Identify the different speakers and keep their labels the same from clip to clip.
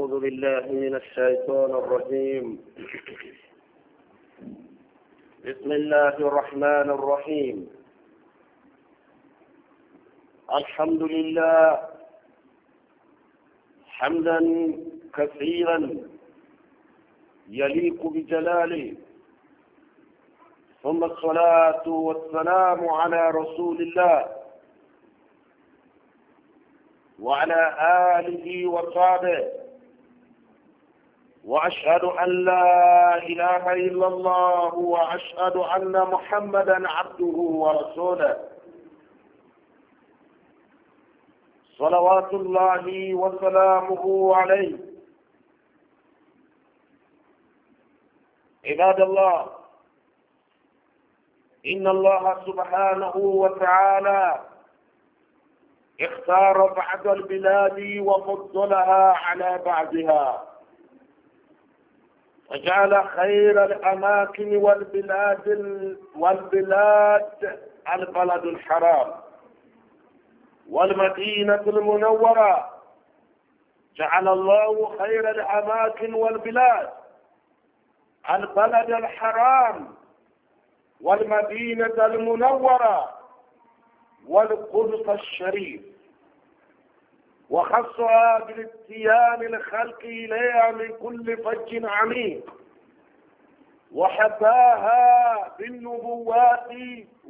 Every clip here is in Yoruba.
Speaker 1: أعوذ بالله من الشيطان الرجيم بسم الله الرحمن الرحيم الحمد لله حمدا كثيرا يليق بجلاله ثم الصلاة والسلام على رسول الله وعلى آله وصحبه وأشهد أن لا إله إلا الله وأشهد أن محمدا عبده ورسوله صلوات الله وسلامه عليه عباد الله إن الله سبحانه وتعالى اختار بعض البلاد وفضلها على بعضها وجعل خير الأماكن والبلاد والبلاد البلد الحرام والمدينة المنورة جعل الله خير الأماكن والبلاد البلد الحرام والمدينة المنورة والقدس الشريف وخصها بالاتيان الخلق إليها من كل فج عميق وحباها بالنبوات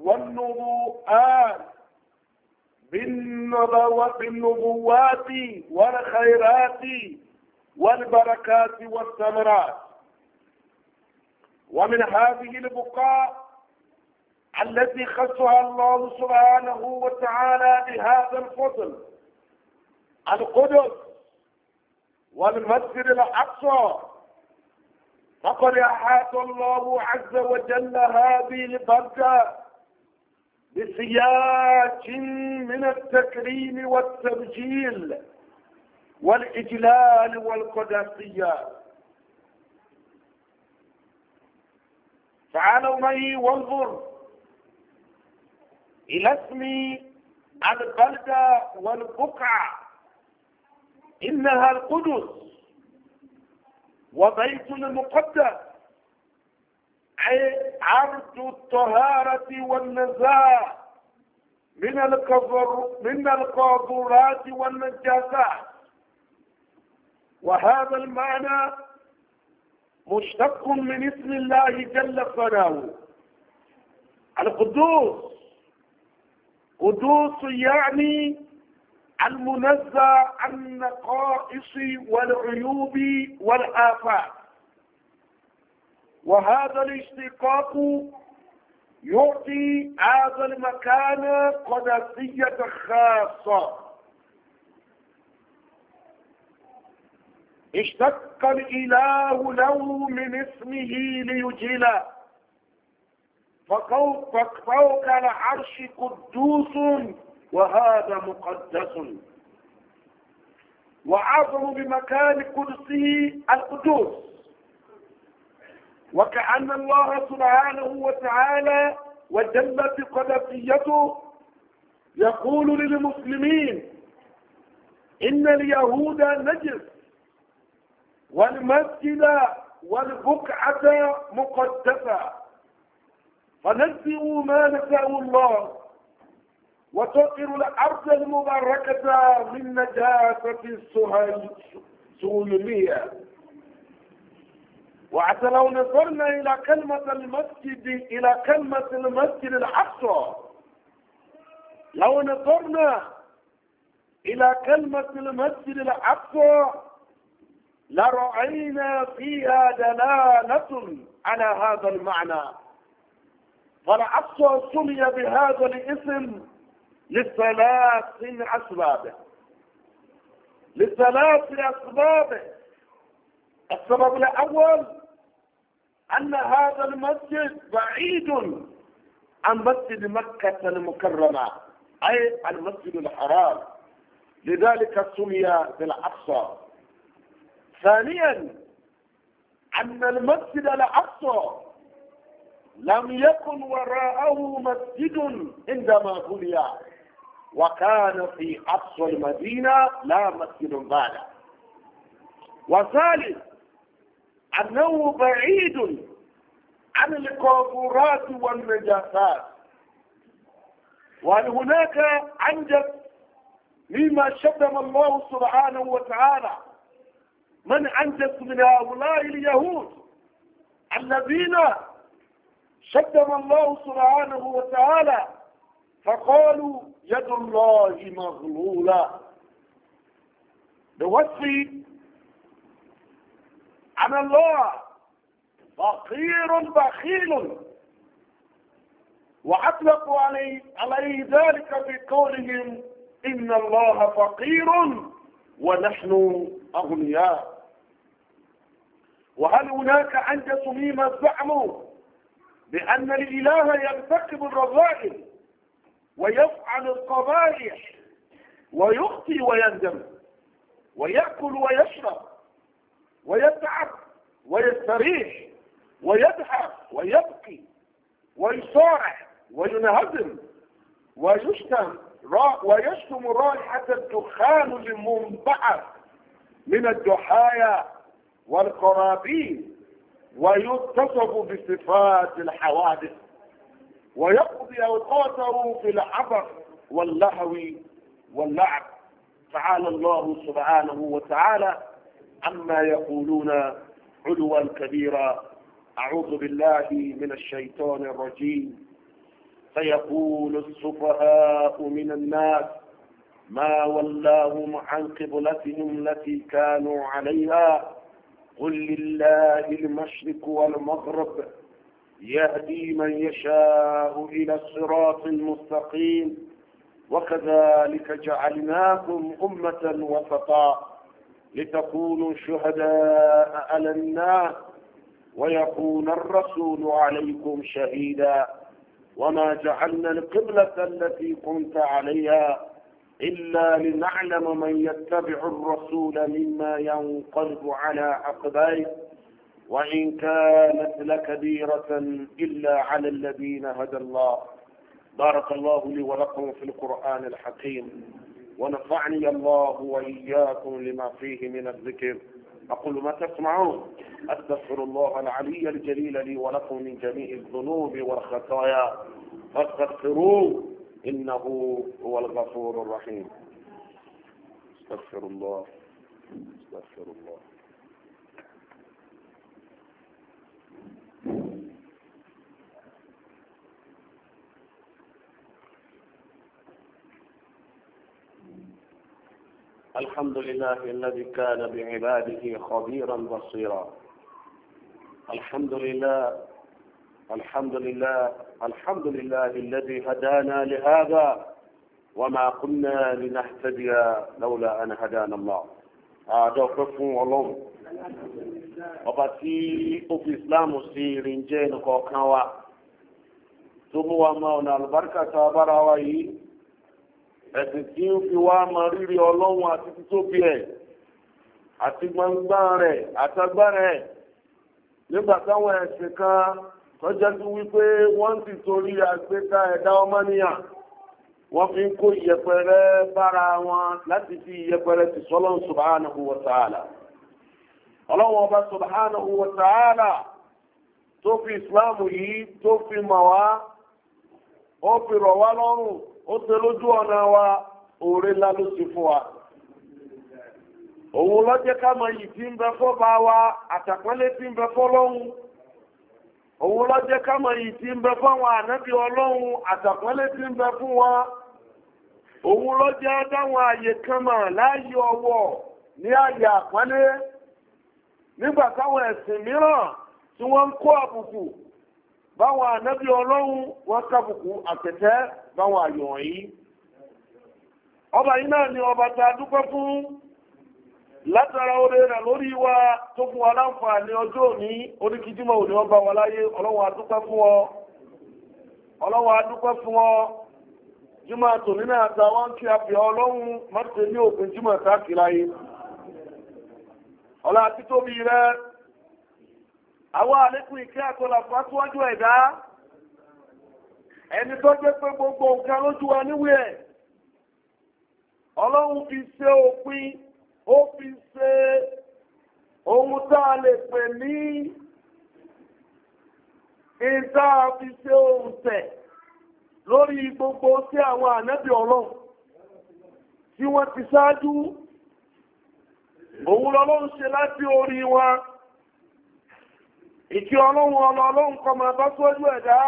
Speaker 1: والنبوءات بالنبوات والخيرات والبركات والثمرات ومن هذه البقاء التي خصها الله سبحانه وتعالى بهذا الفضل القدس والمسجد الأقصى فقد أحاط الله عز وجل هذه البركة بسياج من التكريم والتبجيل والإجلال والقدسية تعالوا معي وانظر إلى اسم البلدة والبقعة إنها القدس وبيت المقدس عرض الطهارة والنزاهة من القذر من القاذورات والنجاسات وهذا المعنى مشتق من اسم الله جل ثناؤه القدوس قدوس يعني المنزه عن النقائص والعيوب والآفات وهذا الاشتقاق يعطي هذا المكان قدسية خاصة اشتق الإله له من اسمه ليجله ففوق العرش قدوس وهذا مقدس وعظم بمكان قدسه القدوس وكأن الله سبحانه وتعالى وجلت قدسيته يقول للمسلمين إن اليهود نجس والمسجد والبقعة مقدسة فنزهوا ما نزأه الله وتطهر الأرض المباركة من نجاسة السهل سهولية وحتى لو نظرنا إلى كلمة المسجد إلى كلمة المسجد الأقصى لو نظرنا إلى كلمة المسجد الأقصى لرأينا فيها دلالة على هذا المعنى فالأقصى سمي بهذا الاسم لثلاث اسباب أسبابه اسباب أسبابه السبب الأول أن هذا المسجد بعيد عن مسجد مكة المكرمة أي المسجد الحرام لذلك سمي بالأقصى ثانيا أن المسجد الأقصى لم يكن وراءه مسجد عندما بني وكان في أقصى المدينة لا مسجد بعد وثالث أنه بعيد عن القبورات والنجاسات وهل هناك عنجد مما شتم الله سبحانه وتعالى من أنجب من هؤلاء اليهود الذين شتم الله سبحانه وتعالى فقالوا يد الله مغلولة بوصفي عن الله فقير بخيل وأطلقوا عليه, عليه ذلك بقولهم إن الله فقير ونحن أغنياء وهل هناك عند مما الزعم بأن الإله يرتكب الرذائل ويفعل القبائح ويخطي ويندم ويأكل ويشرب ويتعب ويستريح ويضحك ويبكي ويصارع وينهدم ويشتم ويشتم رائحة الدخان المنبعث من الدحايا والقرابين ويتصف بصفات الحوادث ويقضي أوقاته في العبث واللهو واللعب تعالى الله سبحانه وتعالى عما يقولون علوا كبيرا أعوذ بالله من الشيطان الرجيم فيقول السفهاء من الناس ما ولاهم عن قبلتهم التي كانوا عليها قل لله المشرق والمغرب يهدي من يشاء إلى الصراط المستقيم وكذلك جعلناكم أمة وسطا لتكونوا شهداء على الناس ويكون الرسول عليكم شهيدا وما جعلنا القبلة التي كنت عليها إلا لنعلم من يتبع الرسول مما ينقلب على عقبيه وإن كانت لكبيرة إلا على الذين هدى الله بارك الله لي ولكم في القرآن الحكيم ونفعني الله وإياكم لما فيه من الذكر أقول ما تسمعون أستغفر الله العلي الجليل لي ولكم من جميع الذنوب والخطايا فاستغفروه إنه هو الغفور الرحيم استغفر الله استغفر الله الحمد لله الذي كان بعباده خبيرا بصيرا الحمد لله الحمد لله الحمد لله الذي هدانا لهذا وما كنا لنهتدي لولا أن هدانا الله اعدو كفو ولوم وباتي ọba الاسلام ó fi كوكاوا sí ìrìnjẹ́ البركه wa وَيِّ ẹ̀sìn tí ń fi wá mọ rírì ọlọ́run àti títóbi ẹ̀ àti gbangba rẹ̀ àtagbára ẹ̀ nígbà táwọn ẹ̀sìn kan kọjá sí wípé wọ́n ti torí àgbéká ẹ̀dá wọ́n fi ń kó wọn láti fi ìyẹpẹrẹ ti sọ́lọ́n subhanahu wa ọlọ́run ọba tó fi ìsìláàmù yìí tó fi mọ̀ wá ó fi rọ̀ wá lọ́rùn ó ṣe lójú ọ̀nà wa oore ńlá ló ṣe fún wa òun lọ́jẹ́ ká mọ iyì tí wa àtàpọ́nlé tí ń bẹ fọ́lọ́hún òun lọ́jẹ́ ká mọ iyì tí ń bẹ fọ́wọn ànábì ọlọ́hun àtàpọ́nlé tí wa òun lọ́jẹ́ dáwọn àyè kan mọ̀ láàyè ọwọ́ ní àyè àpọ́nlé nígbà táwọn ẹ̀sìn mìíràn tí wọ́n ń kó àbùkù báwọn ànábì ọlọ́run wọ́n kábùkù àtẹ̀tẹ́ báwọn àyọ̀ yìí ọba yìí náà ni ọba ta dúpẹ́ fún látara oore rẹ̀ lórí wa tó fún wa láǹfààní ọjọ́ òní oríkìdímọ̀ òní ọba wa láyé ọ ọlọ́run adúpẹ́ fún ọ náà ta wọ́n kí a fi ọlọ́run mọ́tò ní òpin àwọn àlékún ìkẹ́ àkọlà fàtíwájú ẹ̀dá ẹni tó jẹ́ pé gbogbo nǹkan lójú wa níwé ẹ̀ ọlọ́run fi ṣe òpin ó fi ṣe ohun tá a lè pè ní ìta fi ṣe ohun tẹ̀ lórí gbogbo sí àwọn ànábì ọlọ́run tí wọ́n ti ṣáájú òun lọ́lọ́run ṣe láti orí wọn ìkí ọlọ́run ọlọ ọlọ́run kọmọ ẹ̀bá sójú ẹ̀dá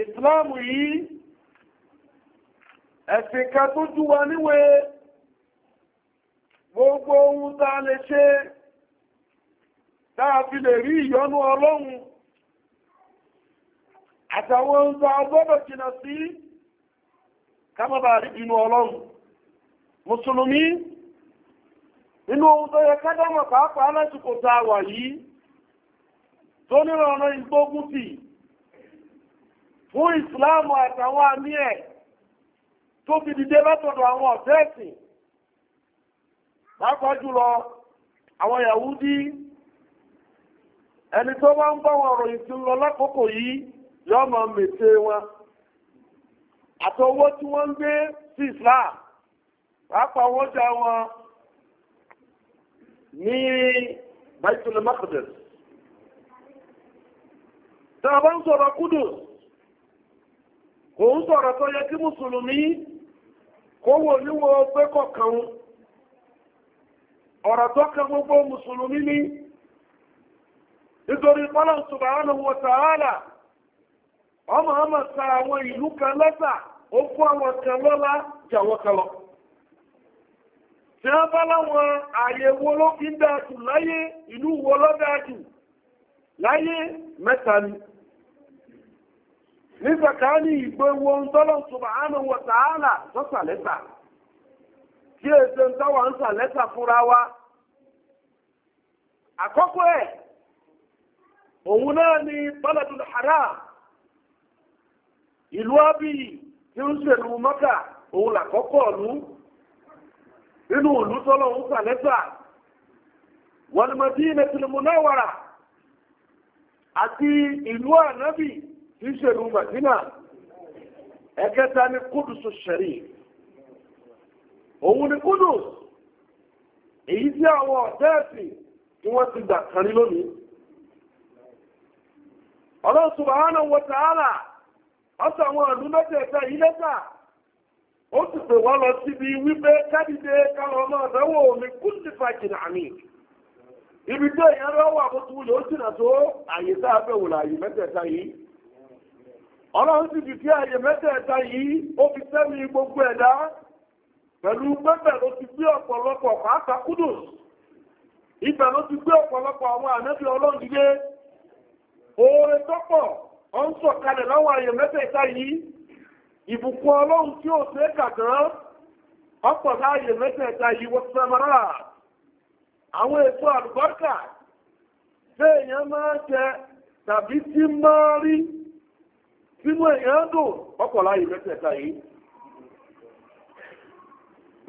Speaker 1: ìsìláàmù yìí ẹ̀sìn kan tó jú wa níwé gbogbo ohun tá a lè ṣe táà fi lè rí ìyọ́nú ọlọ́run àtàwọn ohun tá a jìnà sí ká rí ìbínú ọlọ́run mùsùlùmí inú ohun tó yẹ kẹ́dọ̀mọ̀ pàápàá lẹ́sùkò ta wà yìí tó nílò ọ̀nà ìgbógun tì fún ìsìláàmù àtàwọn àmì ẹ̀ tó fi dìde látọ̀dọ̀ àwọn ọ̀tẹ́ẹ̀sì pàápàá jùlọ àwọn Yahudi ẹni tó bá ń bá wọn ọ̀rọ̀ ìsìn lọ lákòókò yìí yọ́ mọ̀ mètè wọn àtọwọ́ tí wọ́n ń gbé sí Islam pàápàá wọ́n ní Baitul Maqdis tá a bá ń sọ̀rọ̀ Kudus kò ń sọ̀rọ̀ tó yẹ kí mùsùlùmí kó wò níwò ọ̀rọ̀ tó kan gbogbo musulmi ní nítorí pọ́lọ̀ subhanahu wa ta'ala ọmọ ọmọ sa àwọn ìlú kan lọ́sà ó fún àwọn kan lọ́lá kan tí a bá láwọn ààyè wo ló fi ń dáadù láyé ìlú wo láyé mẹ́ta ni ní ìgbé wo ń tọ́lọ̀ subhanahu wa ta'ala sọ́sà lẹ́tà tí èsè ń táwà ń sà fúnra wa àkọ́kọ́ ẹ̀ òun náà ni baladul haram ìlú tí ń òun làkọ́kọ́ nínú òlú tọ́lọ̀ ń gbà lẹ́gbà wal Madinatul Munawwara àti ìlú ànábì tí í ṣèlú Madina ẹ̀kẹta ní Kudusu Sharif òun ni Kudus èyí tí àwọn ọ̀dẹ́ẹ̀sì tí wọ́n ti gbà kan rí lónìí Allah subhanahu wa ta'ala ọ̀sán àwọn ìlú mẹ́tẹ̀ẹ̀ta yìí ó sì wa wá si bi wipe kádìdé káwọn ọmọ ọ̀dọ́wọ̀ mi kún ti fàjìnà ibi tó èèyàn lọ́wọ́ àbótú ló jìnà tó àyè tá a fẹ́ yi. ọla mẹ́tẹ̀ẹ̀ta yìí ọlọ́run sì fi aye àyè ta yi o fi mi gbogbo ẹ̀dá pẹlu pẹ́pẹ́ lo ti gbe ọpọlọpọ pàápàá kúdùs ibẹ̀ ló ti oore ìbùkún ọlọ́run tí ó ṣe kàtàn ọ̀pọ̀ láàyè mẹ́tẹ̀ẹ̀ta yìí wọ́n àwọn èso àlùbọ́kà tí èèyàn máa ń jẹ tàbí tí máa rí sínú èèyàn dùn ọ̀pọ̀ láàyè mẹ́tẹ̀ẹ̀ta yìí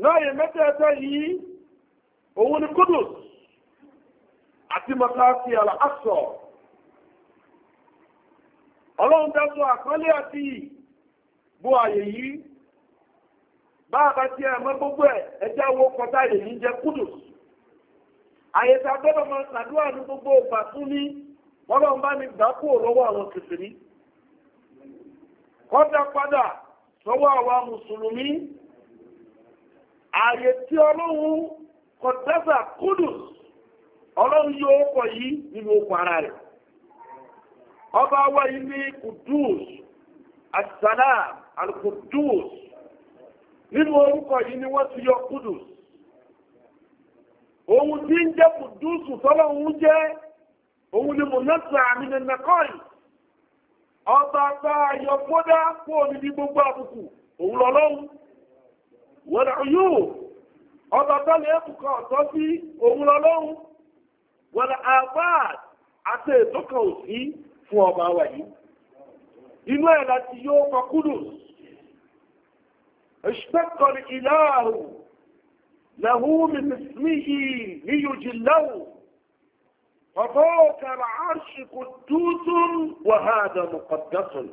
Speaker 1: láàyè mẹ́tẹ̀ẹ̀ta yìí òun ni Kudus àti mọ́sáàsì àlàásọ̀ ọlọ́run bó yìí bá a bá tí ẹ mọ́ gbogbo ẹ̀ ẹjẹ́ kọta èdè ní jẹ́ kúdùs àyè tá a gbọ́dọ̀ gbogbo ìgbà fún ní wọ́n lọ́n bá mi gbà kúrò lọ́wọ́ àwọn kìsìrí kọ́dà padà lọ́wọ́ àwọn mùsùlùmí ààyè tí ọlọ́run kọ̀dẹ́sà kúdùs ọlọ́run yóò kọ̀ yìí nínú alkudus nínú orúkọ yìí ni wọ́n kudus ohun tí ń jẹ́ kudusu tọ́lọ́ òun jẹ́ òun ni mọ̀nẹ́sà àmì nàkọ́ì ọba bá yọ kódà kó ní ní gbogbo àbùkù òun lọ́lọ́run wọ́n yóò ọba bá lè ẹ̀kùkọ̀ ọ̀tọ́ sí òun lọ́lọ́run wọ́n àbáàd àti ètò kan fún ọba wa yìí inú ẹ̀ láti yóò kọ kudus اشتق الإله له من اسمه ليجله ففوق العرش قدوس وهذا مقدس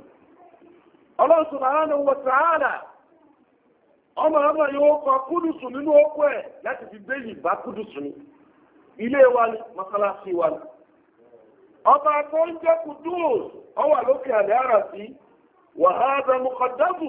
Speaker 1: الله سبحانه وتعالى ọmọ ọmọ yóò kọ kúdùsù nínú ọkọ ẹ̀ láti fi gbé yìí bá kúdùsù ní ilé wa ní masalasi wa ní ọba tó ń jẹ́ kúdùs ọwà lókè àlẹ́ àrà wàhálà mọ́kàndàbù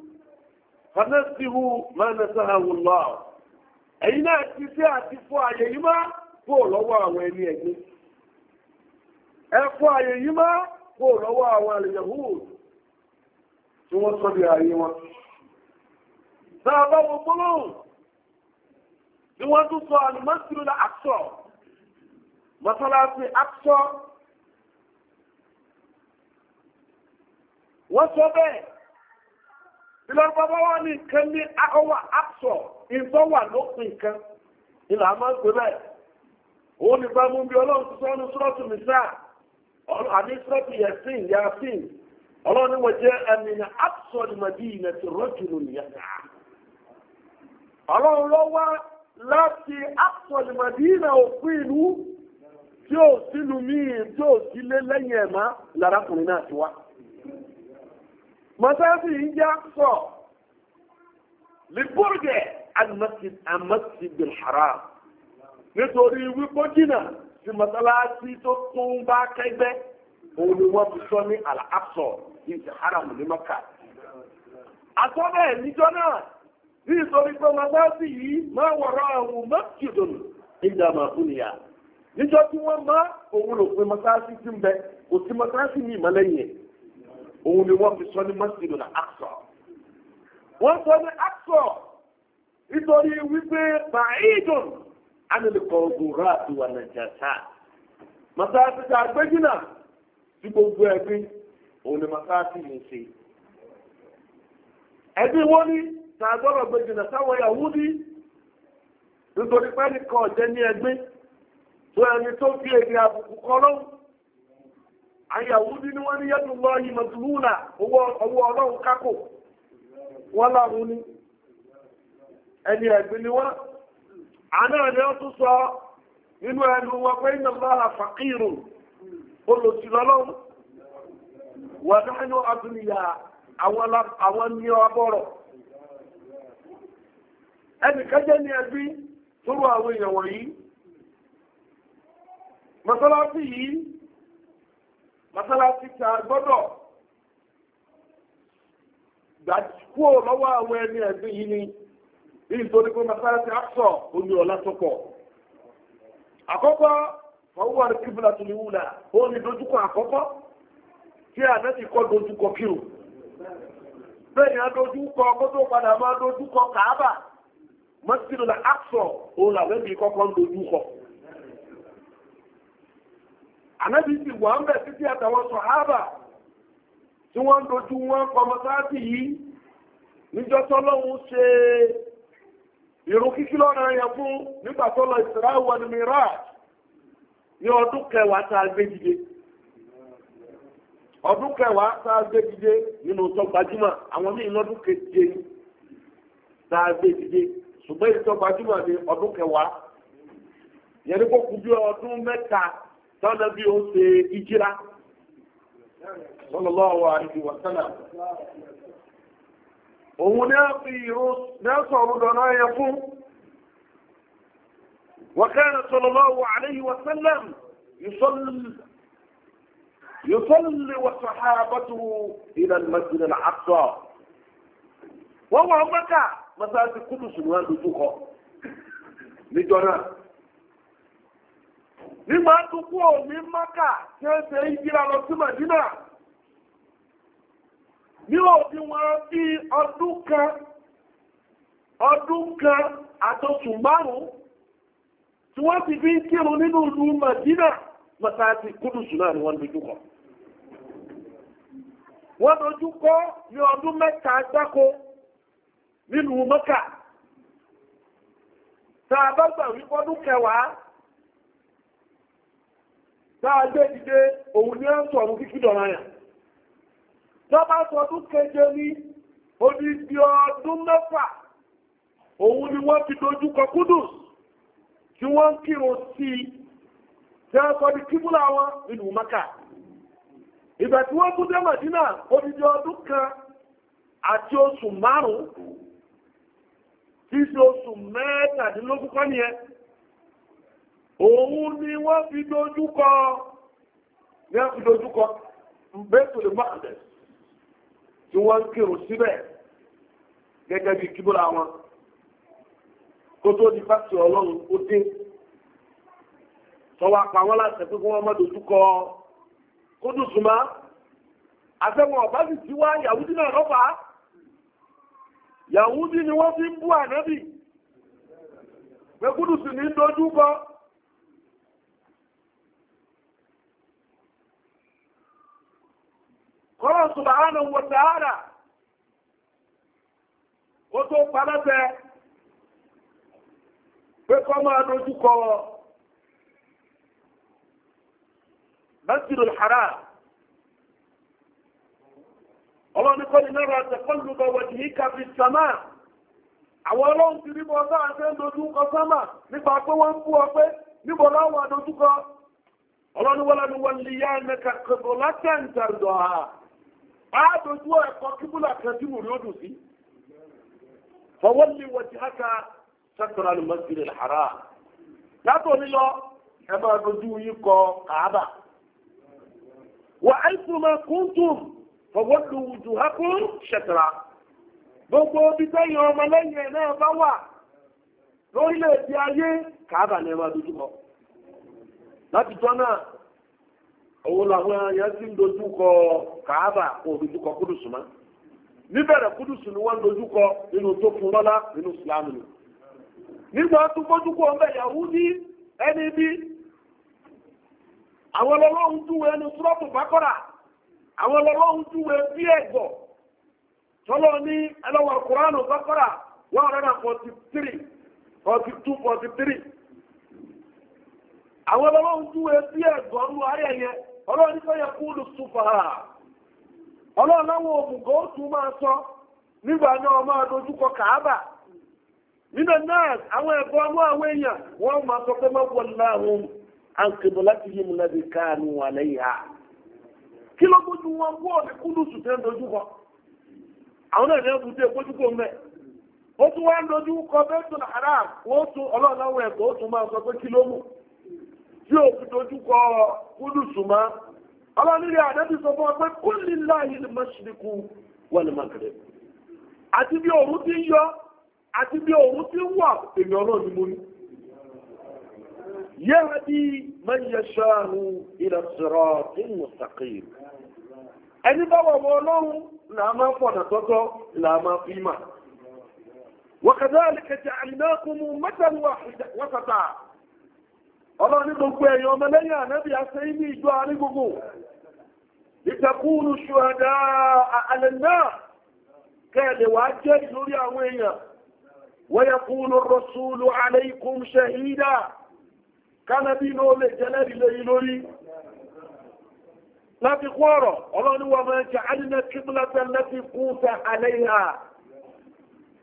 Speaker 1: fanasihu manasahu Allah ẹ̀yin náà ti ṣe àti fọ àyè yìí má kó lọ́wọ́ àwọn ẹni ẹ̀gbẹ́ ẹ fọ àyè yìí má kó lọ́wọ́ àwọn àlèyàwó tí wọ́n sọ di ààyè wọn. Náà gbólóhùn tí wọ́n tún sọ àlùmọ́sílù náà àṣọ, mọ́sálásí àṣọ. Wọ́n sọ bẹ́ẹ̀ ìlọ́rùbọ́bọ́ wọ́n ní nǹkan ní ọwà àpsọ̀ ìtọ́wà lópin nǹkan ìlà àmọ́ ń pè bẹ́ẹ̀ òun ní bá mú bí ọlọ́run ti sọ́nu sọ́ọ̀tù nìsá àní sọ́ọ̀tù yẹ̀sìn yàsìn ọlọ́run wọ́n jẹ́ ẹni ní àpsọ̀ ìmọ̀dí ìnẹ̀ tí rọ́jùlù nìyàtà ọlọ́run ló wá láti àpsọ̀ ìmọ̀dí ìnẹ̀ òfin ìlú tí ò sínú míì tí ò sílé lẹ́yìn ẹ̀má mọ́sáàsì yìí já sọ lìbúrgẹ̀ àmọ́sídìl haram nítorí wípé jìnnà sí mọ́sáàsì tó tún bá kẹgbẹ́ òun ni wọ́n fi sọ ní àlàáfọ̀ ní ti haram ní mọ́kà. àtọ́bẹ̀ níjọ́ náà ní ìsọ̀rí pé mọ́sáàsì yìí máa wọ̀rọ̀ àwọn mọ́sídìl ìdààmú àkúnìyà níjọ́ tí wọ́n má òun lò pé mọ́sáàsì ti ń bẹ kò sí mọ́sáàsì ní ìmọ̀lẹ́yìn òun ni wọ́n fi sọ ní mọ́sílù ní àkṣọ. wọ́n sọ ní àkṣọ nítorí wípé bàáìdùn ánìlẹ̀kọ̀ ògùnrà àti wà nàìjíríà. masáàtì tá a gbé gbogbo ẹbí òun ni masáàtì yìí ń ṣe. ẹbí wọ́n ní tàgbọ́rọ̀ gbé jìnnà sáwọn Yahudi nítorí pẹ́ẹ́nì kan ní ẹgbẹ́ tó ẹni àyàwó bí ní wọ́n ní yẹ́dùn lọ yìí mọ̀túlúùnà owó kákò wọ́n láwọn ní ẹni ẹ̀gbìn ni wọ́n àná ẹni ó tún sọ nínú ẹnu wọn pé iná lára fàkírù olùsìlọ́lọ́run wà nánú abúlìyà àwọn ní ọbọ̀rọ̀ ẹnì kẹjẹ́ ni ẹbí tó rú àwọn èèyàn wọ̀nyí yìí mọ́sálásí ta gbọ́dọ̀ gbàdúkú lọ́wọ́ àwọn ẹni ẹ̀gbìn yìí ni yìí tó ní pé mọ́sálásí àṣọ omi ọ̀la tó pọ̀ àkọ́kọ́ fọwọ́ rẹ̀ kíbla tó ní wúlà ó ní dojúkọ àkọ́kọ́ tí ànẹ́tì kọ́ dojúkọ kírù bẹ́ẹ̀ ni a dojúkọ kó tó padà máa dojúkọ kàábà mọ́sílùlà àṣọ òun làwọn ẹbí kọ́kọ́ ń dojúkọ. ànábì sì wà ń bẹ̀ títí àtàwọn sọ̀hábà tí wọ́n ń dojú wọn kọmọsáàtì yìí níjọ́ tọ́lọ́hún ṣe ìrun kíkí lọ́nà lọ Isra ní ọdún kẹwàá tá a ọdún kẹwàá tá a nínú tó gbajúmọ̀ àwọn míì lọ́dún keje tá a ṣùgbọ́n ìtọ́ gbajúmọ̀ ní ọdún tọ́lá bí ó ṣe ìjírá sallallahu alaihi wa sallam òun náà fi ìrún náà sọ̀rọ̀ lọ́nà ẹ̀yẹ fún wa kana sallallahu alaihi wa sallam يصلي وصحابته إلى المسجد الأقصى wọ́n wọ́n mẹ́ta mọ́sáàtì kúrùsùn wọn lójúkọ níjọ náà nígbà tó kú òní mọ́kà tí ó ṣe ìjíra lọ sí màdínà ní òbí wọn bí ọdún kan ọdún kan àtọ́sùn márùn-ún tí wọ́n ti fi ń kírun nínú ìlú màdínà mọ́sáàtì kúdùsù náà ni wọ́n dojú kọ wọ́n dojú kọ ní ọdún mẹ́ta gbáko nínú mọ́kà tá wípọ́dún kẹwàá dáadé dìde òun ní ẹ́ntù ọ̀run kíkí dọ̀rọ̀ yà lọ́bá sọ ọdún keje ní odidi ọdún mẹ́fà òun ni wọ́n ti dojú kọ Kudus tí wọ́n ń kírun sí ọkọ̀ di kíbúlà wọn nínú Maka ìgbà tí wọ́n kú dé odidi ọdún kan àti oṣù márùn-ún tí oṣù mẹ́tàdínlógún kọ́ òun ni wọ́n fi dojúkọ ní wọ́n fi dojúkọ bẹ́ẹ̀tòlè mọ́kànlẹ̀ tí wọ́n ń kírun síbẹ̀ gẹ́gẹ́ bí kíbúra wọn kó tó di fásitì ọlọ́run ó dé tọwọ́ apá wọn láti pé kí wọ́n má dojúkọ kó dùn súnmọ́ àtẹ̀wọ̀n ọ̀bá sì ti wá yàwúdí náà lọ́fà yàwúdí ni wọ́n fi ń bú ànábì pé ní dojú kọ́lọ̀ subhanahu wa ta'ala ó tó palẹ́fẹ́ pé kọ́ máa dojú kọ masjidul ni náà rẹ̀ tẹ̀kọ́lù bọ̀ sàmà àwọn ọlọ́run ti rí bọ́ sáà ṣe ń kọ sàmà nípa pé wọ́n ń láwọn àdójúkọ wọ́n lè yá àádójú ẹ̀kọ́ kíbùlà kan tí wùrí ó dùn sí fọwọ́lì haka sẹ́kọ̀rọ̀ alùmọ́sílẹ̀ àrà látò nílọ ẹ máa dojú yín kọ kàábà wà áìsùnmá kúntùm fọwọ́lì wùjú hákún ṣẹ̀tẹ̀rà gbogbo bí tẹ́yìn ọmọ lẹ́yìn náà bá wà lórílẹ̀-èdè ayé kàábà ni ẹ máa dojú kọ láti òun làwọn yẹn ti ń dojúkọ kàábà kò kọ kúdùsù mọ́ níbẹ̀rẹ̀ kúdùsù ni wọ́n ń dojúkọ nínú tó fún lọ́lá nínú ìsìlámù ni nígbà tó ọmọ ìyàwó ní ẹni bí àwọn ọlọ́run júwe ẹni sọ́ọ̀tù bákọ́rà àwọn ọlọ́run júwe bí ẹ̀gbọ́ tọ́lọ́ ọlọ́run nípa yẹ kú lù sùfàrà ọlọ́run láwọn òmùgọ̀ ó máa sọ nígbà náà máa dojúkọ kàábà nínú náà àwọn ẹ̀bọ̀ ọmọ àwọn èèyàn wọ́n máa sọ pé má àǹkìbọ̀ láti yí mu káàánú wà lẹ́yìn ha kí ló gbójú wọn wọ́ ọ̀dẹ kú lù sùfẹ́ dojúkọ àwọn náà ní ẹ̀bùn tó gbójúkọ mẹ́ ó tún wá dojúkọ bẹ́ẹ̀ tó nà tí ó fi dojúkọ kúdùsùmá ọlọ́nílẹ̀ àdẹ́bí sọ fún ọgbẹ́ kúlì láàyè lè má ṣìríkú wà lè má kẹrẹ àti bí òun ti ń yọ àti bí òun ti ń wà èèyàn ni mo ní yẹ́ra bí man yasha'u ila siratin mustaqim ẹni bá wọ̀ wọ ọlọ́run làá máa fọ̀nà tọ́tọ́ làá máa fi mà وكذلك جعلناكم أمة واحدة وسطا ọlọ́run ní gbogbo ẹ̀yàn ọmọ lẹ́yìn ànábì àṣẹ ní ìjọ àárín gbogbo ìtẹ̀kùnù ṣùhàdá àlẹ́ náà kẹ́ẹ̀lẹ̀ wà jẹ́ lórí àwọn èèyàn wọ́yẹ̀kùnù rọ̀sùlù alaykum ṣẹ̀hídà kánàbí ló lè jẹ́lẹ́rì lórí láti kú ọ̀rọ̀ wọ́n máa jẹ́ àdínà kíbùlátà láti kú àlẹ́yà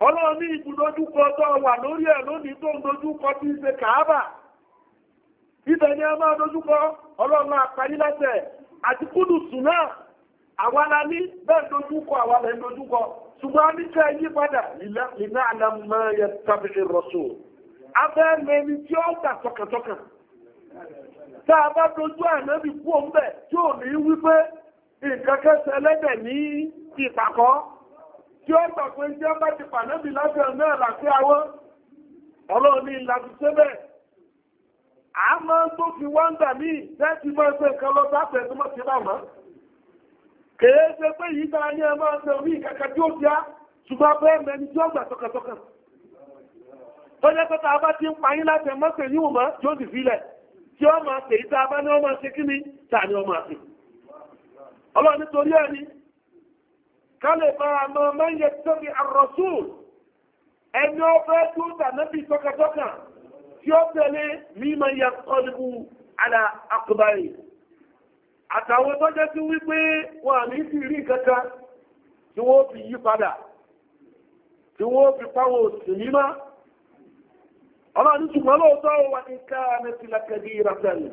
Speaker 1: ọlọ́run ní ibùdójúkọ wà lórí ẹ̀ lónìí tó ń dojúkọ tí ń ṣe kàábà ibẹ̀ ni a máa dojúkọ ọlọ́run àpáyí lẹ́sẹ̀ àti kúdùsù náà àwa la ní bẹ́ẹ̀ dojúkọ àwa la dojúkọ ṣùgbọ́n a ní kẹ́ ẹ padà àlàmọ́ yẹ tábìlì rọ̀ṣù abẹ́ mẹ́ni tí ó gbà tọkàntọkàn tá a bá dojú ànábì kú òun bẹ̀ tí ò ní wípé nǹkan kẹsẹ̀ ẹlẹ́dẹ̀ ní ìpàkọ́ tí ó gbà pé tí ó bá ti pànábì lọ́sẹ̀ náà làkúyàwó ọlọ́run àmọ́ tó fi wọ́ndà mí tẹ́tí mọ́ ṣe nǹkan lọ sáfẹ́ tó mọ́ ti bá mọ́ kèé ṣe pé yìí dára ní ẹmọ́ ṣe orí ìkàkà tí ó fíá ṣùgbọ́n bẹ́ẹ̀ mẹ́ni tí ó gbà tọkàtọkà tó jẹ́ pẹ́ta bá ti ń payín láti ẹmọ́ ṣe yíwò mọ́ tí ó sì filẹ̀ tí ó máa ṣe ìta bá ní ọmọ ṣe kíní tà ní ọmọ àti ọlọ́ni torí ẹ̀ ni ká lè bára mọ́ mẹ́yẹ tó fi àrọ̀sùn ẹni ó fẹ́ tó dà nábì tí ó tẹ̀lé mímọ̀ yẹ kọlùkù àlà àkùbáyì àtàwọn tó jẹ́ sí wípé wọ́n ní sí rí kankan tí wọ́n fi yí padà tí wọ́n fi páwọn òsì mímá ọlọ́ni ṣùgbọ́n lóòótọ́ wà ní káàmẹ́ sí lákẹ́bí ìrẹsẹ̀lẹ̀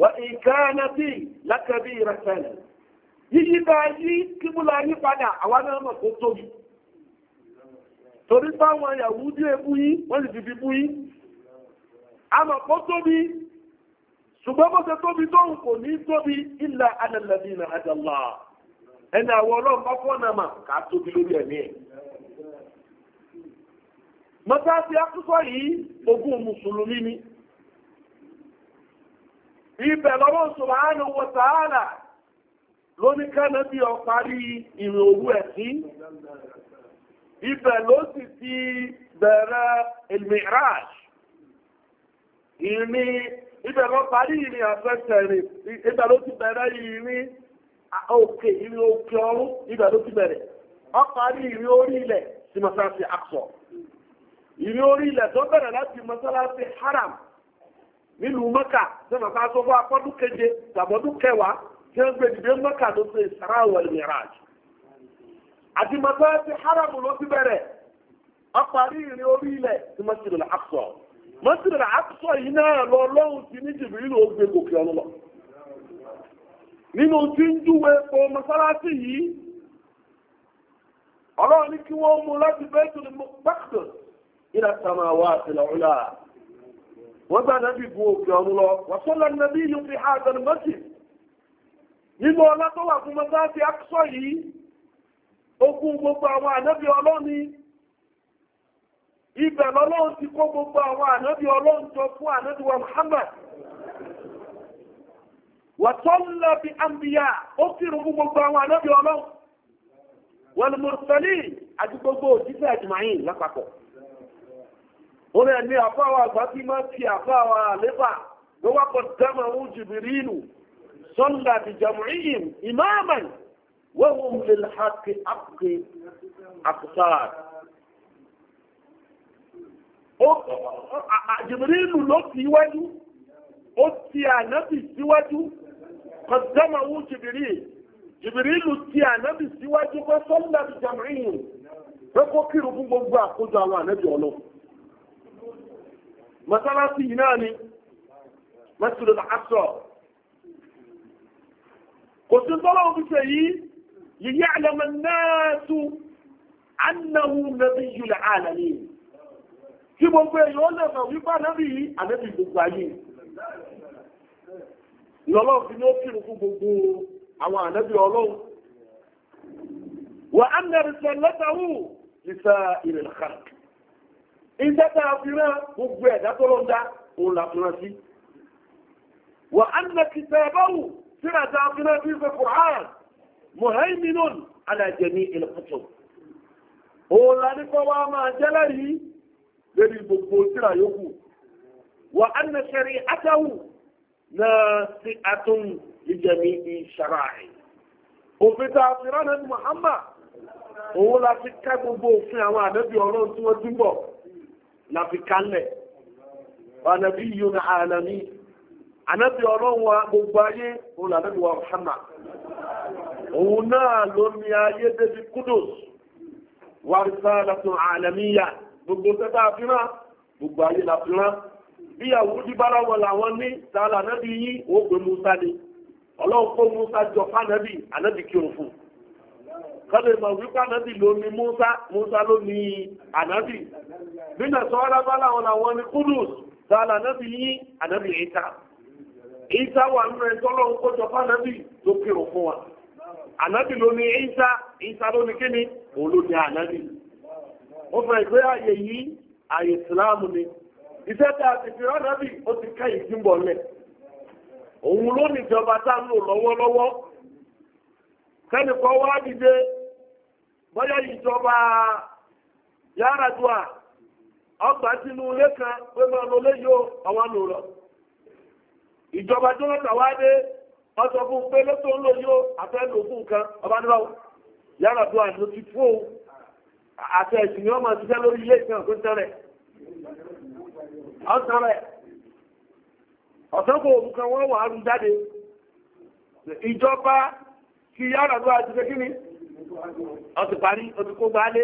Speaker 1: wà ní káàmẹ́ sí lákẹ́bí ìrẹsẹ̀lẹ̀ yíyí bá yí kí múlá yí padà àwọn náà tó tóbi torí báwọn yàwú dé ebú yí wọ́n sì fi fi bú yí àmọ́ kó tóbi ṣùgbọ́n bó ṣe tóbi tóun kò ní tóbi illa alẹ́lẹ́bí na àjàlá ẹni àwọn ọlọ́run bá fọ́ náà mà ká tóbi lórí ẹ̀mí ẹ̀. mọ́sáàsì akúsọ yìí ogún mùsùlùmí ni ibẹ̀ lọ́wọ́ subhanahu wa ta'ala lóní kánà bí ọ ìrìn òwú ẹ̀ sí ibẹ̀ ló sì ti bẹ̀rẹ̀ el ìní ìbẹ̀rọ parí ìrìn ti bẹ̀rẹ̀ ìrìn òkè ìrìn òkè ọrún ti bẹ̀rẹ̀ ìrìn orí ilẹ̀ sí ìrìn orí ilẹ̀ tó bẹ̀rẹ̀ láti haram tí wọ́n keje tàbọ́dún kẹwàá tí wọ́n gbé dìde ṣe àti ti bẹ̀rẹ̀ mọ́sílẹ̀ àkùsọ̀ yìí náà lọ lọ́hùn ti ní ogbe gòkè ọlọ́lọ́ nínú tí ń júwe po mọ́sálásí yìí ọlọ́run ní kí wọ́n mú láti bẹ́ẹ̀tù ní pàtó ìlà sàmàwà àtìlà ọ̀la wọ́n gbà náà bí òkè ọ̀run wọ́n sọ́lá nàbí yìí fi ha àgbẹ̀rẹ̀ nínú ọlá tó wà fún yìí gbogbo àwọn ànábì ibẹ̀ lọ́lọ́run ti kó gbogbo àwọn ànábì ọlọ́run jọ fún ànábì wa Muhammad wàtọ́lá bí àmbíyà ó kírun fún gbogbo àwọn ànábì ọlọ́run wàlùmọ̀sálì àti gbogbo òjíṣẹ́ àjùmáyìn lápapọ̀ ó rẹ̀ ní àfáwà àgbà máa fi àfáwà àlébà ló wá pọ̀ dámà ń jìbìrì ìlú sọ́lá bí jàmùíyìn ìmáàmàn wọ́n wọ́n lè hàkì àkùsáàrì jìbìrìlù ló ti wájú ó ti ànábì síwájú kọ̀dọ́mọ̀wú jìbìrìlù jìbìrìlù ti ànábì síwájú pé sọ́lá ti jàmìrìyìn pé kó kírun fún gbogbo àkójọ àwọn ànábì ọlọ́ mọ́sálásí yìí náà ni mẹ́sìlú làásọ̀ kò sí tọ́lá òfin ṣe yìí yìí yẹ́ náà tún annahu nabiyyu la'alamin kí gbogbo èèyàn ó lè mọ̀ wípé ànábì yìí ànábì gbogbo ayé lọ́lọ́run fi ní ó kírun fún gbogbo àwọn ànábì ọlọ́run wà á nà rìsẹ̀ lẹ́tàwù ìsà ìrìnàkà iṣẹ́ tá a fi rán gbogbo ẹ̀dá tó lọ́n dá òun là fi rán sí wà á nà kìtà ẹ̀báwù síra tá a fi rán bí fẹ́ kùrán mọ̀hẹ́mínún alàjẹ̀mí ìlẹ̀kùtù òun là ní kọ́ wa máa jẹ́ lẹ́yìn lórí gbogbo síra yòókù wà á nà sẹ́rí átáwù náà sí atún ìjẹ̀mí ìṣàrà ẹ̀. òfin tá a fi rán ní Muhammad òun la fi ká gbogbo òfin àwọn ànábì ọlọ́run tí wọ́n túbọ̀ la fi kálẹ̀ ànábì yìí ní àlàní ànábì ọlọ́run wa gbogbo ayé òun lànábì wa Muhammad òun náà ló ní ayé débi kudus wàrísà látún àlàmíyà gbogbo tẹ́tà fíran gbogbo ayé la fíran bí àwùjí bára wọn làwọn ní tààlà nábì yín ó pè Musa ni ọlọ́run kó Musa jọ fánàbì ànábì kírun fún kọ́lẹ̀ mọ̀ wípé ànábì ló ní Musa Musa ló ní ànábì nínú sọ́wọ́dá bá làwọn làwọn ní Kudus tààlà nábì yín ànábì Ìsá Ìsá wà nínú ẹ̀ tọ́lọ́run kó jọ fánàbì tó kírun fún wa ànábì ló ní Ìsá Ìsá ló ní kíni òun ló ní ànábì. wọ́n fẹ́ ìgbé ààyè yìí ààyè ìsìláàmù ni iṣẹ́ tí a ti fi rán nábì ó ti ká ìdínbọ̀ lẹ̀ òun ló ní ìjọba tá ń lò lọ́wọ́lọ́wọ́ kẹ́nìkan wá dìde bọ́yá ìjọba ọgbà sínú ilé kan pé máa lọ léyò àwọn ìjọba tó dé fún pé ń lò yóò fún nǹkan ọba níbàwọ̀ ló ti fún òun àti ẹ̀sìn ni wọ́n máa ṣiṣẹ́ lórí ilé ìsìn ọ̀tún tẹ́rẹ̀ ọ̀tọ̀rẹ̀ ọ̀tọ́kọ̀ òun kan wọ́n wà rú jáde ìjọba kí yára ló àti fẹ́ kíni ọ̀tí parí ọdún kó gbá lé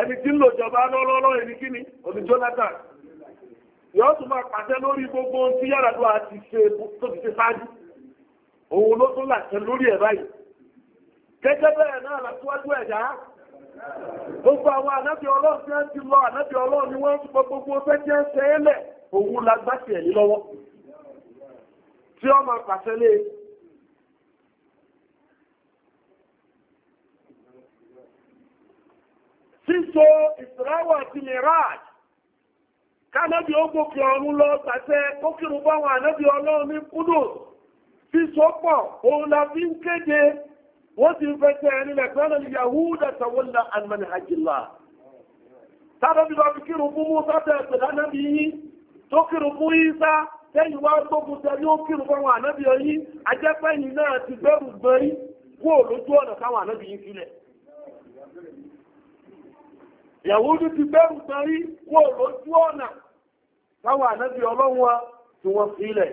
Speaker 1: ẹni tí ń lò jọba lọ́lọ́lọ́ ẹni kíni ọdún Jonathan yóò tún máa pàṣẹ lórí gbogbo tí yára ló àti ṣe tó ti ṣe ṣáájú òun ló tún làṣẹ lórí ẹ̀ báyìí gẹ́gẹ́ bẹ́ẹ̀ náà làtúwájú ẹ̀dá Gbogbo àwọn ànábì ọlọ́run ti lọ ànábì ọlọ́run ni wọ́n ń gbogbo ọgbẹ́ tí ṣe é lẹ̀ òun la ẹ̀ pàṣẹ lé e. Miraj kánábì ó gòkè ọ̀run lọ gbàṣẹ kókìrù báwọn ànábì ọlọ́run ní kúdù. Síso pọ̀ òun la fi ń wọ́n ti fẹsẹ̀ ẹni lẹ́gbẹ́rẹ́ ní yahuda tawọ́lá almanhajilá tábà bí bá fi kírun fún musa tẹ̀ pẹ̀lú anábì yín tó kírun fún isa tẹ́yìn wá gbógun tẹ yóò kírun fún àwọn anábì yín ajẹ́pẹ́yìn náà ti bẹ̀rù gbẹ̀rí kú òlójú ọ̀nà táwọn anábì yín sílẹ̀ yahudu ti bẹ̀rù gbẹ̀rí kú òlójú ọ̀nà táwọn anábì ọlọ́run wa tí wọ́n sílẹ̀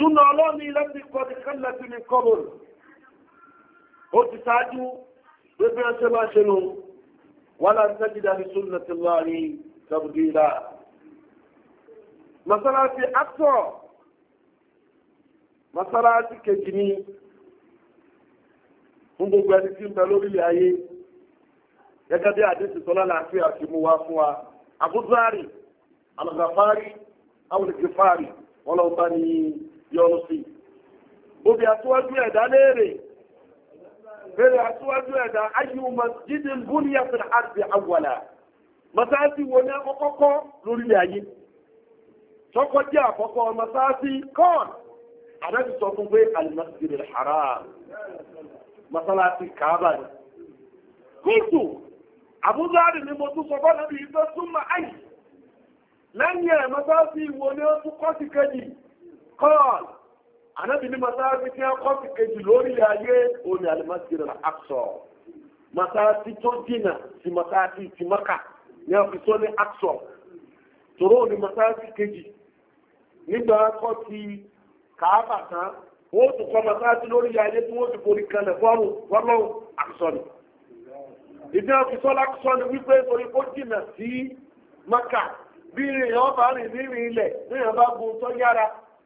Speaker 1: súnà ọlọ́ni lẹ́bí kọ́dí kẹ́lẹ̀ tí ní kọ́bùn ó ti sáájú pépé ẹsẹ̀ máa ṣe nù wà láti tẹ́jìdá ní súnà ti lọ ní tàbùdíra masalasi akọ masalasi kejì ní fún gbogbo gẹ́gẹ́ bí àdéṣì sọlá láàfin àti mú wá fún wa abúzárì alàgbàfárì àwọn ìkẹfàárì wọn lọ bá ní yọrù sí obì àtúwájú ẹ̀dá léèrè léèrè àtúwájú ẹ̀dá ayyu masjidin buniya fil ardi awwala masáàsì wo ní akọ́kọ́kọ́ lórílẹ̀ ayé tọ́kọ́ jẹ́ àkọ́kọ́ masáàsì kọ́ọ̀n àdájú sọ fún pé al-masjid al-haram masáàsì kaaba ni kúrtù àbúzáàdì ni mo tún sọ bọ́ lẹ́bi ìfẹ́ súnmọ́ ayì lẹ́yìn ẹ̀ masáàsì wo ní ó tún kọ́ قال أنا بني مساجد يا قوتي كجلوري la أولي المسجد الأقصى مساجد تودينا في مساجد في مكة يا في سوني أقصى تروني مساجد كجي nígbà kọ́ ti kàábà tán ó tún kọ́ masáàtì lórí ayé tí wọ́n ti forí kalẹ̀ fọ́rùn ìdí wípé torí ó sí maka bí ìrìn ọba rìn nírìn ilẹ̀ níyàn bá gun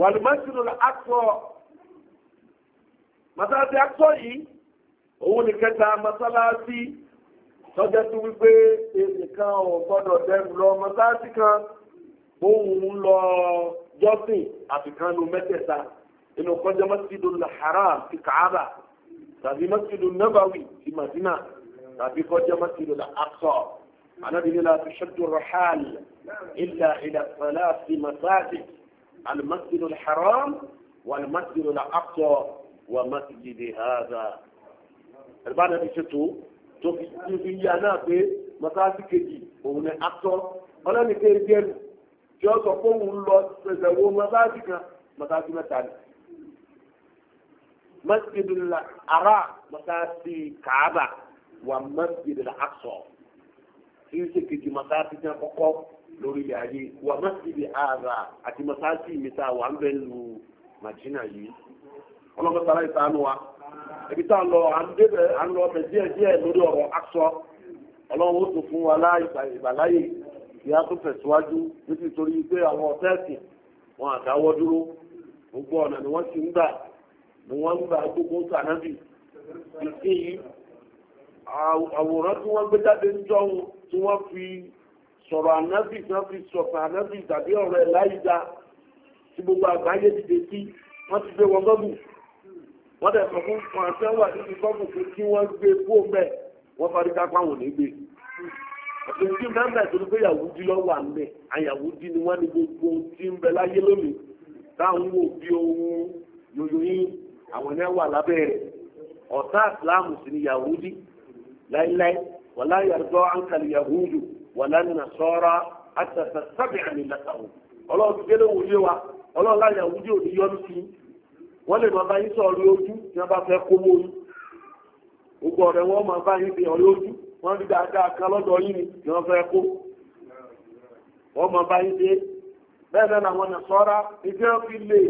Speaker 1: wàlùmọ́sìlù àtọ̀ màsáàtì àtọ̀ yìí òun ní kẹta màsáàtì tọ́jọ́ tó wípé ènìkan ò gbọ́dọ̀ dẹ́rù lọ màsáàtì kan òun ń lọ jọ́sìn àfikànnù mẹ́tẹ̀ẹ̀ta inú kọjá mọ́sídò haram ti kàába tàbí mọ́sídò nabawi ti madina tàbí kọjá mọ́sídò aqsa anábìlélà ti ṣẹ́jú rahal ilà ilà sàlá ti المسجد الحرام والمسجد الأقصى ومسجد هذا البانا بيشتو توفي يانا بي مساجد كجي ومن أقصى ولا نكير جيل tí ó sọ fún òun lọ ṣẹ̀ṣẹ̀wó mọ́sáàsì kan mọ́sáàsì mẹ́ta ni masjidul ara mọ́sáàsì kaaba wa masjidul aqsa tí ó ṣe kejì mọ́sáàsì kan kọ́kọ́ lori ayé wà má sì lè ààrà àti masáàsì ìmìta wà ń bẹ lu màjínà yìí ọlọ́pàá sára ìsànú wa ibi tá a lọ à ń lọ ọbẹ̀ díẹ̀ díẹ̀ lórí ọ̀rọ̀ aṣọ ọlọ́run ó tún fún wa láì ìgbàláyè ìyá tó tẹ̀síwájú nítorí pé àwọn ọ̀tẹ́ẹ̀sì wọn àdáwọ́ dúró gbogbo ọ̀nà ni wọ́n ti ń gbà ni wọ́n ń gbà gbogbo sànábì ìsìn yìí àwòrán tí sọ̀rọ̀ ànábì tí wọ́n fi sọ̀fà ànábì tàbí ọ̀rọ̀ ẹ̀ láyìíjà tí gbogbo àgbáyé dìde sí wọ́n ti gbé wọn gọ́gù wọ́n dẹ̀ sọ fún wọn àti ẹ̀wà níbi gọ́gù pé kí wọ́n gbé kó mẹ́ wọ́n fari kápá wọn nígbè. ọ̀sẹ̀ tí mẹ́mbà ìtòlú pé yàwùdí lọ wà mẹ́ àyàwùdí ni wọ́n ní gbogbo tí ń bẹ láyé lónìí táwọn wò bí ohun yòyò yín àwọn ẹ̀ wà lábẹ́ rẹ̀ ọ̀tá àsìlámù sì ni yàwùdí láíláí wàlá yàrá wàlá nasara حتى sábẹ̀ àmì làkàwọ̀ ọlọ́run ti gbélé wòlé wa ọlọ́run láyà wúdí òní yọnu sí wọ́n lè máa bá yín sọ̀rọ̀ ojú tí wọ́n bá fẹ́ kó mọ́ yín gbogbo ọ̀rẹ́ wọn máa bá yín fi ọ̀rẹ́ ojú wọ́n rí dáadáa kan lọ́dọ̀ yín ni tí wọ́n fẹ́ kó wọ́n máa bá yín dé bẹ́ẹ̀ náà làwọn nasara ìdí wọn fi lè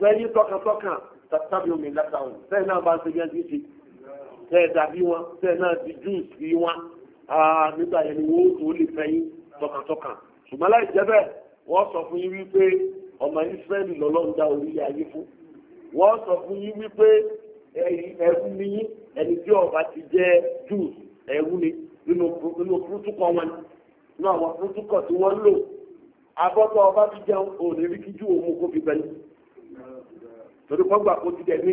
Speaker 1: fẹ́yìn tọkàntọkàn tàbí omi làkàwọ̀ bẹ́ẹ̀ náà bá ń ṣe yẹn Ah, nígbà yẹn ni wọ́n tó lè fẹ́ yín tọkàntọkàn ṣùgbọ́n láì jẹ́ bẹ́ẹ̀ wọ́n sọ fún yín wípé ọmọ Ísírẹ́lì lọ́lọ́run dá orí ayé fún wọ́n sọ fún yín wípé ẹ̀rú ni yín ẹni tí ọba ti jẹ́ Júù ẹ̀rú ni nínú púrútùkọ̀ wọn nínú àwọn púrútùkọ̀ tí wọ́n lò abọ́tọ̀ ọba fi jẹun òní rí kíjú òun kó fi gbẹ̀lú torí kọ́gbà kó ti dẹ̀ ní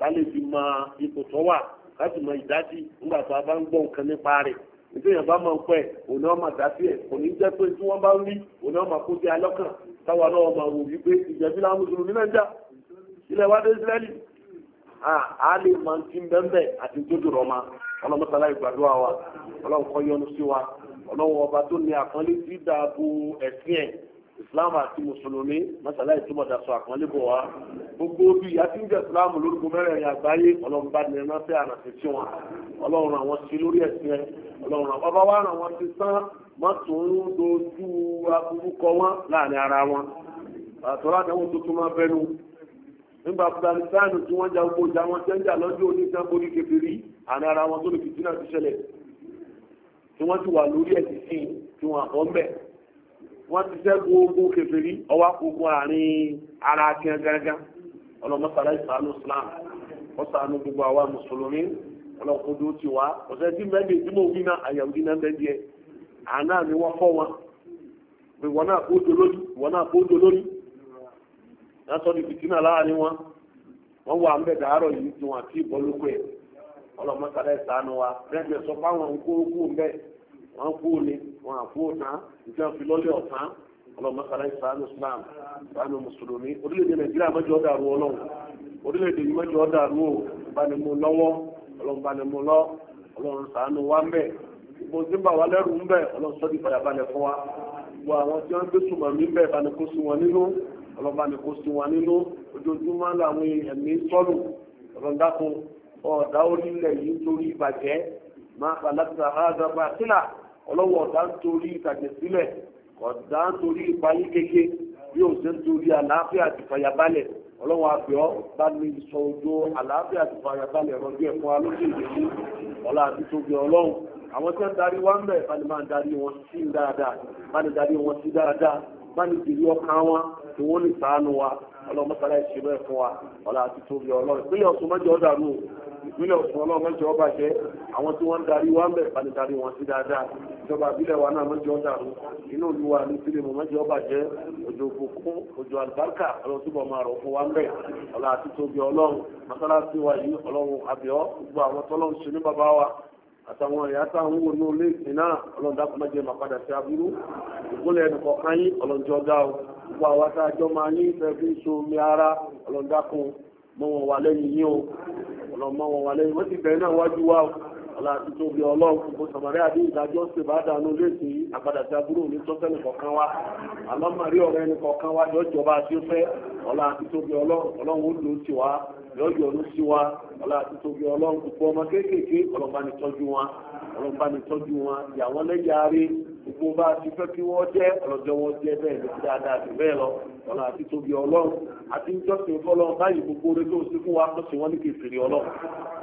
Speaker 1: ká lè fi mọ ipò tó wà ká sì mọ ìdásí nígbà tó a bá ń gbọ́ nǹkan nípa rẹ̀ nítorí yẹn máa ń pẹ́ òun náà máa ẹ̀ kò ní jẹ́ pé tí wọ́n bá ń rí alọ́kàn táwa náà máa wò wípé a lè máa ń ti àti ma ọlọ́mọtàlá ìgbàdúrà wa ọlọ́run kọ́ sí wa ọlọ́run ọba tó ní tí dáàbò islam àti mùsùlùmí masala ìtumọ̀ dasọ àpọ́nlé bọ̀ wá gbogbo bí àtúndì islam lórúkọ mẹ́rẹ̀ẹ̀rin àgbáyé ọlọ́run bá ní ẹ̀rọ fẹ́ àràǹtí sí wọn ọlọ́run àwọn sí lórí ẹ̀sìn ẹ̀ ọlọ́run àwọn bàbá wa ràn wọ́n ti tán wọ́n tún ń dojú aburúkọ wọn láàrin ara wọn àtọ́lá àtàwọn tuntun máa bẹnu nígbà Afghanistan tí wọ́n ja gbogbo ìjà wọn sẹ́ńjà lọ́jọ́ oníṣẹ́ borí kebìrì àní ara wọn tó lè fìdí náà ti ṣẹlẹ̀ tí wọ́n ti wà lórí ẹ̀sìn sí tí wọ́n àbọ̀ ń bẹ̀ wọ́n ti ṣẹ́gun gbogbo kèfèrí ọwọ́ àkókò àárín ara a gángan ọlọ́mọ́sàlá ìsàánú Islam ọ̀sàánú gbogbo àwa mùsùlùmí ọlọ́kọ̀dọ̀ ti wá ọ̀sẹ̀ tí mẹ́bí tí mo wí náà àyàwó náà mẹ́bí ẹ̀ àná ni wọ́n fọ́ wọn pé wọ́n náà kó lórí wọ́n náà kó lórí látọ́ fìtínà láàrin wọn wọ́n wà ń bẹ̀ dàárọ̀ yìí tí wọ́n àti ẹ̀ wọ́n kú ni wọ́n àkú ọ̀tán ìjọ filọ́lẹ̀ ọ̀tán ọlọ́mọ sara ìsàánú islam ìsàánú mùsùlùmí orílẹ̀-èdè nàìjíríà mẹ́jọ dàrú ọlọ́run orílẹ̀-èdè yìí mẹ́jọ dàrú ò ìbánimu lọ́wọ́ ọlọ́run bánimu lọ ọlọ́run ṣàánú wa ń bẹ̀ ìbò tí ń bà wá lẹ́rù ń bẹ̀ ọlọ́run sọ́dí padà balẹ̀ fún wa gbogbo àwọn tí wọ́n ń gbé sùnmọ̀ mí bẹ̀ ìbánikó sùn wọn nínú ọlọ́run bánikó sùn wọn nínú ojoojúmọ́ làwọn ẹ̀mí sọ́nù ọlọ́run dákun ọ̀dà orílẹ̀ yìí torí ìbàjẹ́ máa pàlàtà àádọ́gbà sílà ọlọ́wọ́ ọ̀dá ń torí ìtàjẹ sílẹ̀ ọ̀dá ń torí ìpayín kéke bí ó ṣe ń torí àlàáfíà àti fàyàbálẹ̀ ọlọ́wọ́ àbẹ̀ọ́ bá ní sọ ojú àlàáfíà àti fàyàbálẹ̀ rọ̀jú ẹ̀fọ́ alóṣè ìdèmí ọ̀la àti tóbi ọlọ́run àwọn tí wọ́n darí wá ń bẹ̀ bá ní máa darí wọn sí dáadáa bá ní darí wọn sí dáadáa bá ní dìrí ọkàn wọn tí wọ́n lè sàánú wa ọlọ́mọ́sálá ìṣẹ́lẹ̀ fún wa ọ̀la àti tóbi ọlọ́run pé ọ̀sùn mọ́jọ́ dàrú ìpínlẹ̀ Ọ̀ṣun ọlọ́run mẹ́jọ ọba jẹ́ àwọn tí wọ́n ń darí wá ń bẹ̀ bá ní darí wọn sí dáadáa ìjọba ìbílẹ̀ wa náà mẹ́jọ dàrú inú ìlú wa ní sílẹ̀ mọ̀ mẹ́jọ ọba jẹ́ òjò òkùnkùn òjò àlùbáríkà ọlọ́run túbọ̀ máa rọ̀ fún wa ń bẹ̀ ọlá àti tóbi ọlọ́run mọ́sálásí wa yìí ọlọ́run àbíọ́ gbogbo àwọn tọ́lọ́run ṣe ní bàbá wa àtàwọn ẹ̀yà táwọn wò ní olé ìsìn náà ọlọ́run dákun má máa padà sí aburú ìgbólẹ̀ ẹnìkan kan yín ọlọ́run jọ dá o gbogbo àwọn tá máa ní ìfẹ́ fi ń so omi ara ọlọ́run dákun mọ́ wọn wà lẹ́yìn yín o ọlọ́mọ wọn wà lẹ́yìn wọ́n ti bẹ̀rẹ̀ náà wájú wa o ọlá títí obi ọlọ́run gbogbo sàmàrí àdé ìdájọ́ ṣe bá dànù léèkì àgbàdà tí aburú ní tọ́sẹ̀ nìkọ̀kan wa àmọ́ màrí ọ̀rẹ́ nìkọ̀kan wa yọ jọba tí ó fẹ́ ọlá títí obi ọlọ́run ó lò sí wa yọ yọ ọdún sí wa ọlá títí obi ọlọ́run gbogbo ọmọ kéékèèké ọlọ́ba ní tọ́jú wọn ọlọ́ba wọn ìyàwó lẹ́yà gbogbo bá ti fẹ́ kí wọ́n jẹ́ ọlọ́jọ́ wọn jẹ́ bẹ́ẹ̀ ló ti dáadáa jù bẹ́ẹ̀ lọ ọ̀la àti tóbi ọlọ́run àti ń jọ́sìn fọlọ́run báyìí gbogbo orí tó ń ṣe wa tó ṣe wọ́n ní kìfìrí ọlọ́run.